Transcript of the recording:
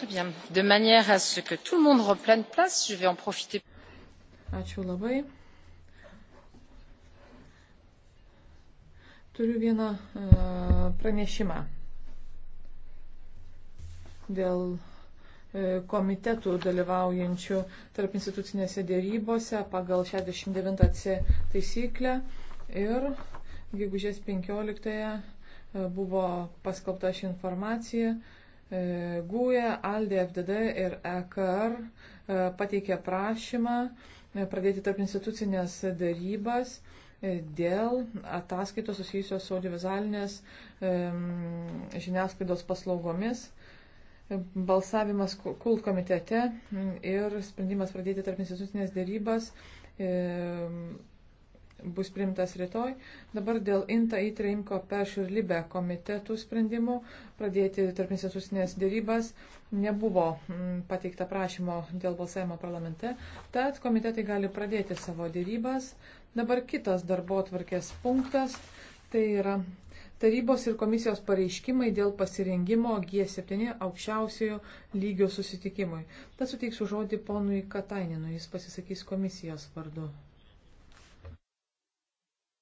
Très bien. De manière à ce que tout le monde reprenne place, je vais en profiter. Ačiū labai. Turiu vieną uh, pranešimą dėl e, komitetų dalyvaujančių tarp institucinėse dėrybose pagal 69C taisyklę ir gegužės 15 e, buvo paskelbta ši informacija GUE, e, ALDE, FDD ir EKR e, pateikė prašymą e, pradėti tarp institucinės darybas dėl ataskaitos susijusios su audiovizualinės žiniasklaidos paslaugomis. Balsavimas KULT komitete ir sprendimas pradėti tarp institucinės darybas bus primtas rytoj. Dabar dėl INTA įtreimko peš ir libe komitetų sprendimų pradėti tarp institucinės dėrybas nebuvo mm, pateikta prašymo dėl balsavimo parlamente, tad komitetai gali pradėti savo dėrybas. Dabar kitas darbo tvarkės punktas tai yra tarybos ir komisijos pareiškimai dėl pasirengimo G7 aukščiausiojo lygio susitikimui. Tad suteiksiu žodį ponui Kataininu, jis pasisakys komisijos vardu.